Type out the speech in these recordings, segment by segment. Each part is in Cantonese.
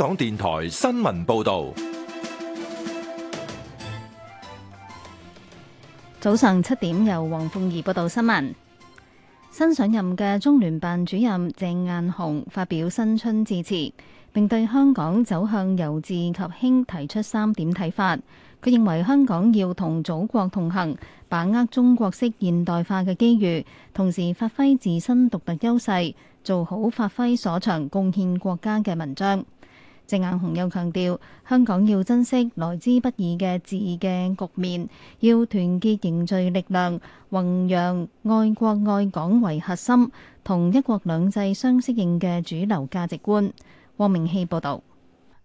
香港電台新聞報道，早上七點由黃鳳儀報道新聞。新上任嘅中聯辦主任鄭雁雄發表新春致辭，並對香港走向由治及興提出三點睇法。佢認為香港要同祖國同行，把握中國式現代化嘅機遇，同時發揮自身獨特優勢，做好發揮所長、貢獻國家嘅文章。鄭雁雄又強調，香港要珍惜來之不易嘅治嘅局面，要團結凝聚力量，弘揚愛國愛港為核心、同一國兩制相適應嘅主流價值觀。汪明希報道。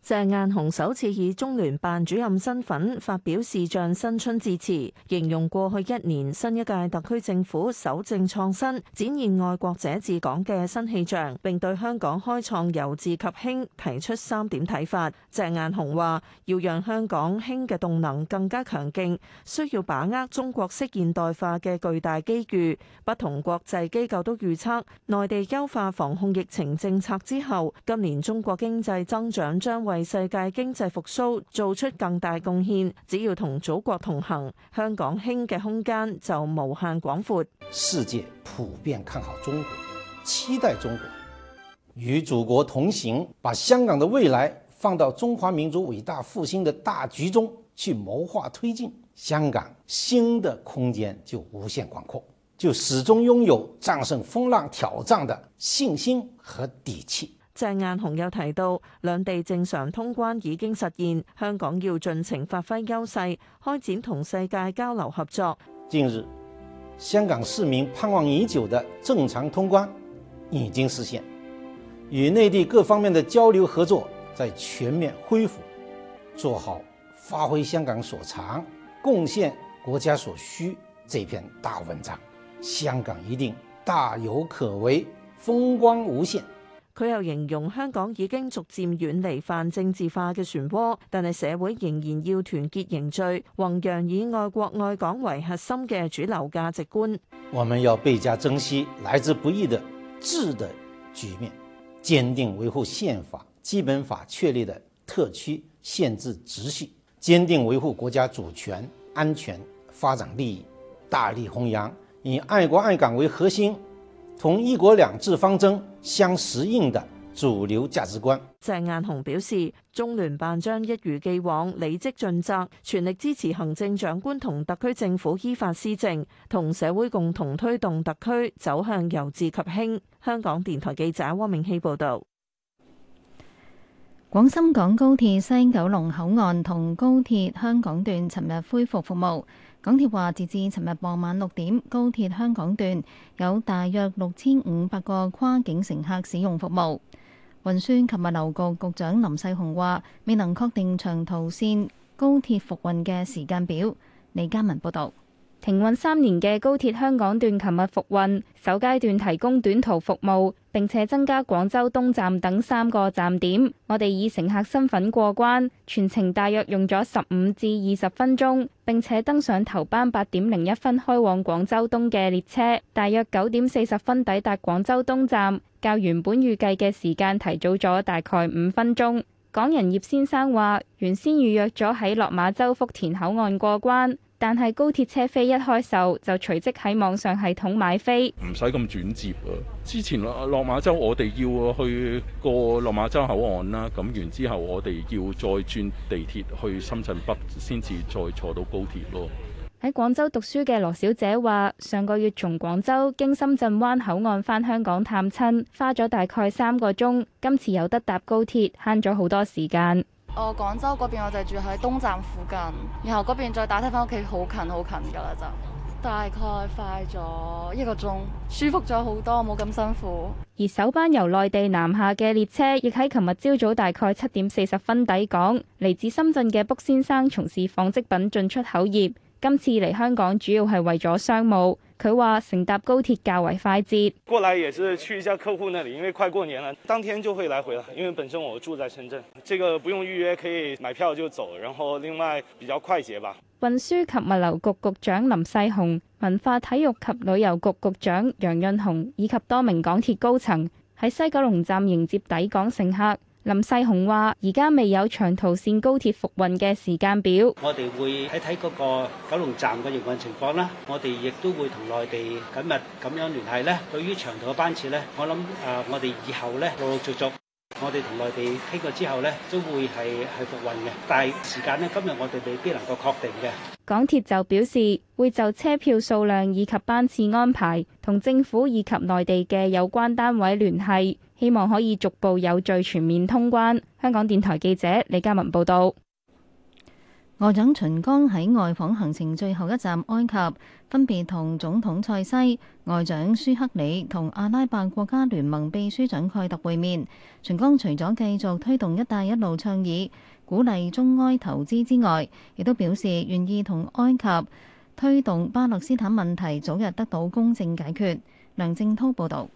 鄭雁雄首次以中聯辦主任身份發表視像新春致辭，形容過去一年新一屆特區政府守正創新，展現愛國者治港嘅新氣象，並對香港開創由治及興提出三點睇法。鄭雁雄話：要讓香港興嘅動能更加強勁，需要把握中國式現代化嘅巨大機遇。不同國際機構都預測，內地優化防控疫情政策之後，今年中國經濟增長將會為世界經濟復蘇做出更大貢獻，只要同祖國同行，香港興嘅空間就無限廣闊。世界普遍看好中國，期待中國與祖國同行，把香港的未來放到中華民族偉大復興的大局中去謀劃推進，香港新的空間就無限廣闊，就始終擁有戰勝風浪挑戰的信心和底氣。鄭雁雄又提到，兩地正常通關已經實現，香港要盡情發揮優勢，開展同世界交流合作。近日，香港市民盼望已久的正常通關已經實現，與內地各方面的交流合作在全面恢復，做好發揮香港所長、貢獻國家所需這篇大文章，香港一定大有可為，風光無限。佢又形容香港已經逐漸遠離泛政治化嘅漩渦，但係社會仍然要團結凝聚，弘揚以愛國愛港為核心嘅主流價值觀。我們要倍加珍惜來之不易的治的局面，堅定維護憲法、基本法確立的特區憲制秩序，堅定維護國家主權、安全、發展利益，大力弘揚以愛國愛港為核心。同一國兩制方針相適應的主流價值觀。鄭雁雄表示，中聯辦將一如既往履職盡責，全力支持行政長官同特區政府依法施政，同社會共同推動特區走向由治及興。香港電台記者汪明熙報導。廣深港高鐵西九龍口岸同高鐵香港段尋日恢復服務。港鐵話，截至尋日傍晚六點，高鐵香港段有大約六千五百個跨境乘客使用服務。運輸及物流局局長林世雄話，未能確定長途綫高鐵復運嘅時間表。李嘉文報道。停運三年嘅高鐵香港段，琴日復運，首階段提供短途服務，並且增加廣州東站等三個站點。我哋以乘客身份過關，全程大約用咗十五至二十分鐘，並且登上頭班八點零一分開往廣州東嘅列車，大約九點四十分抵達廣州東站，較原本預計嘅時間提早咗大概五分鐘。港人葉先生話：原先預約咗喺落馬洲福田口岸過關。但係高鐵車飛一開售，就隨即喺網上系統買飛，唔使咁轉接啊！之前落馬洲，我哋要去過落馬洲口岸啦，咁完之後我哋要再轉地鐵去深圳北，先至再坐到高鐵咯。喺廣州讀書嘅羅小姐話，上個月從廣州經深圳灣口岸返香港探親，花咗大概三個鐘，今次有得搭高鐵，慳咗好多時間。哦，廣州嗰邊我就住喺東站附近，然後嗰邊再打車返屋企好近好近㗎喇就，大概快咗一個鐘，舒服咗好多，冇咁辛苦。而首班由內地南下嘅列車，亦喺琴日朝早大概七點四十分抵港。嚟自深圳嘅卜先生從事紡織品進出口業，今次嚟香港主要係為咗商務。佢話：乘搭高鐵較為快捷。過來也是去一下客戶那裡，因為快過年啦，當天就會來回啦。因為本身我住在深圳，這個不用預約，可以買票就走。然後另外比較快捷吧。運輸及物流局局長林世雄、文化體育及旅遊局局長楊潤雄以及多名港鐵高層喺西九龍站迎接抵港乘客。林世雄話而家未有長途線高鐵復運嘅時間表，我哋會睇睇嗰個九龍站嘅營運情況啦。我哋亦都會同內地緊密咁樣聯繫咧。對於長途嘅班次咧，我諗誒、呃、我哋以後咧陸陸續續。我哋同內地傾過之後咧，都會係係復運嘅，但係時間咧，今日我哋未必能夠確定嘅。港鐵就表示會就車票數量以及班次安排同政府以及內地嘅有關單位聯繫，希望可以逐步有序全面通關。香港電台記者李嘉文報道。外長秦剛喺外訪行程最後一站埃及，分別同總統塞西、外長舒克里同阿拉伯國家聯盟秘書長蓋特會面。秦剛除咗繼續推動“一帶一路”倡議，鼓勵中埃投資之外，亦都表示願意同埃及推動巴勒斯坦問題早日得到公正解決。梁正濤報道。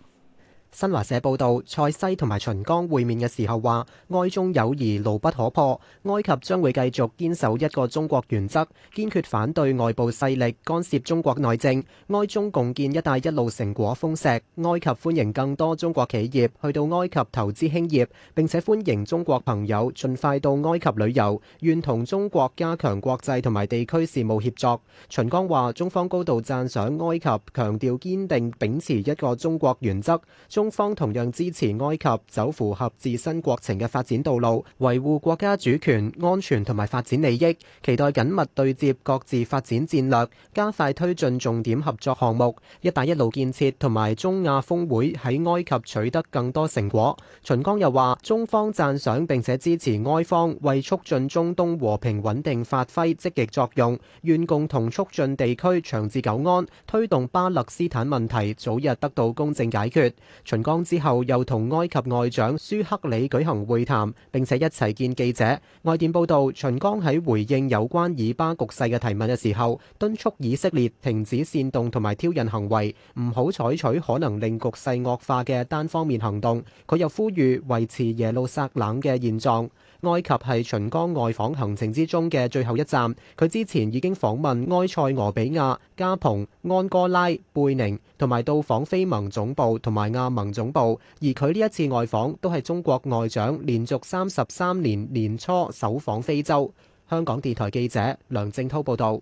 新華社報道，塞西同埋秦剛會面嘅時候，話，埃中友誼，牢不可破，埃及將會繼續堅守一個中國原則，堅決反對外部勢力，干涉中國內政，埃中共建一帶一路成果豐碩，埃及歡迎更多中國企業，去到埃及投資興業，並且歡迎中國朋友，盡快到埃及旅遊，願同中國加強國際同埋地區事務協作。秦剛話，中方高度讚賞埃及強調堅定，秉持一個中國原則。中方同樣支持埃及走符合自身國情嘅發展道路，維護國家主權、安全同埋發展利益，期待緊密對接各自發展戰略，加快推進重點合作項目，「一帶一路」建設同埋中亞峰會喺埃及取得更多成果。秦剛又話：中方讚賞並且支持埃方為促進中東和平穩定發揮積極作用，願共同促進地區長治久安，推動巴勒斯坦問題早日得到公正解決。秦剛之後又同埃及外長舒克里舉行會談，並且一齊見記者。外電報道，秦剛喺回應有關以巴局勢嘅提問嘅時候，敦促以色列停止煽動同埋挑釁行為，唔好採取可能令局勢惡化嘅單方面行動。佢又呼籲維持耶路撒冷嘅現狀。埃及係秦剛外訪行程之中嘅最後一站，佢之前已經訪問埃塞俄比亞、加蓬、安哥拉、貝寧，同埋到訪非盟總部同埋阿盟總部。而佢呢一次外訪都係中國外長連續三十三年年初首訪非洲。香港電台記者梁正滔報導。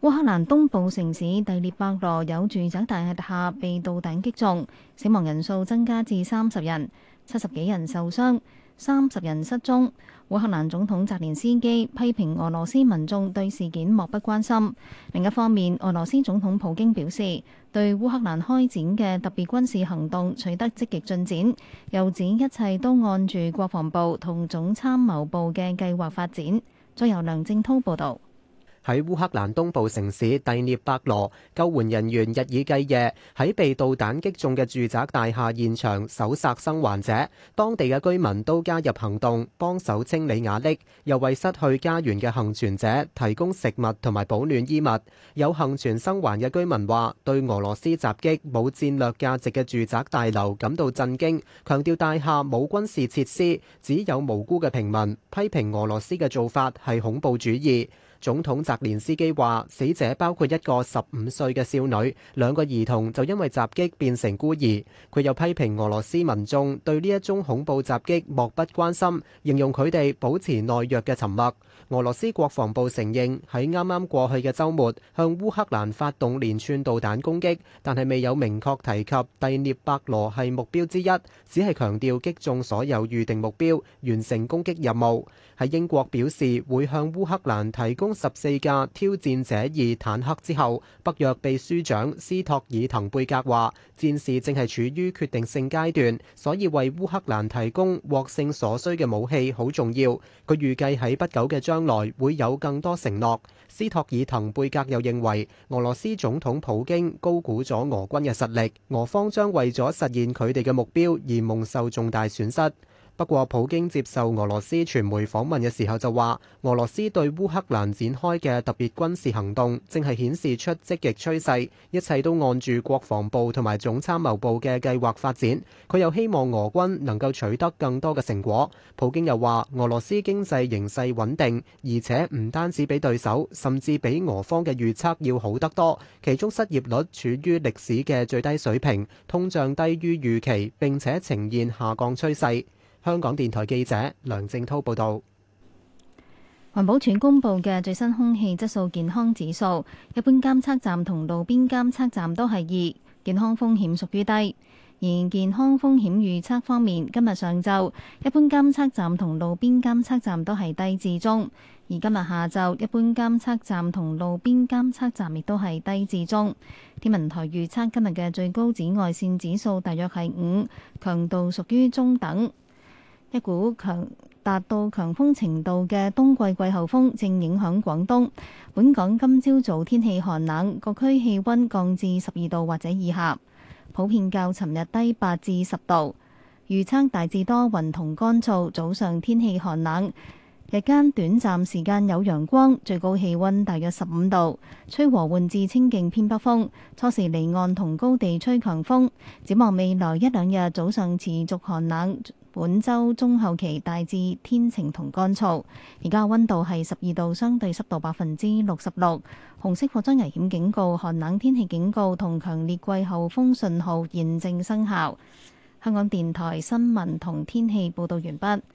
烏克蘭東部城市第列伯羅有住宅大廈被導彈擊中，死亡人數增加至三十人，七十幾人受傷。三十人失蹤，烏克蘭總統澤連斯基批評俄羅斯民眾對事件漠不關心。另一方面，俄羅斯總統普京表示，對烏克蘭開展嘅特別軍事行動取得積極進展，又指一切都按住國防部同總參謀部嘅計劃發展。再由梁正滔報導。喺烏克蘭東部城市第聶伯羅，救援人員日以繼夜喺被導彈擊中嘅住宅大廈現場搜殺生還者。當地嘅居民都加入行動，幫手清理瓦礫，又為失去家園嘅幸存者提供食物同埋保暖衣物。有幸存生還嘅居民話，對俄羅斯襲擊冇戰略價值嘅住宅大樓感到震驚，強調大廈冇軍事設施，只有無辜嘅平民，批評俄羅斯嘅做法係恐怖主義。總統澤連斯基話，死者包括一個15十四架挑戰者二坦克之後，北約秘書長斯托爾滕貝格話：戰事正係處於決定性階段，所以為烏克蘭提供獲勝所需嘅武器好重要。佢預計喺不久嘅將來會有更多承諾。斯托爾滕貝格又認為，俄羅斯總統普京高估咗俄軍嘅實力，俄方將為咗實現佢哋嘅目標而蒙受重大損失。不過，普京接受俄羅斯傳媒訪問嘅時候就話，俄羅斯對烏克蘭展開嘅特別軍事行動正係顯示出積極趨勢，一切都按住國防部同埋總參謀部嘅計劃發展。佢又希望俄軍能夠取得更多嘅成果。普京又話，俄羅斯經濟形勢穩定，而且唔單止比對手，甚至比俄方嘅預測要好得多。其中失業率處於歷史嘅最低水平，通脹低於預期，並且呈現下降趨勢。香港電台記者梁正濤報道。環保署公布嘅最新空氣質素健康指數，一般監測站同路邊監測站都係二，健康風險屬於低。而健康風險預測方面，今日上晝一般監測站同路邊監測站都係低至中，而今日下晝一般監測站同路邊監測站亦都係低至中。天文台預測今日嘅最高紫外綫指數大約係五，強度屬於中等。一股強達到強風程度嘅冬季季候風正影響廣東。本港今朝早，早天氣寒冷，各區氣温降至十二度或者以下，普遍較尋日低八至十度。預測大致多雲同乾燥，早上天氣寒冷，日間短暫時間有陽光，最高氣温大約十五度，吹和緩至清勁偏北風。初時離岸同高地吹強風，展望未來一兩日早上持續寒冷。本周中後期大致天晴同乾燥，而家溫度係十二度，相對濕度百分之六十六。紅色火災危險警告、寒冷天氣警告同強烈季候風信號現正生效。香港電台新聞同天氣報道完畢。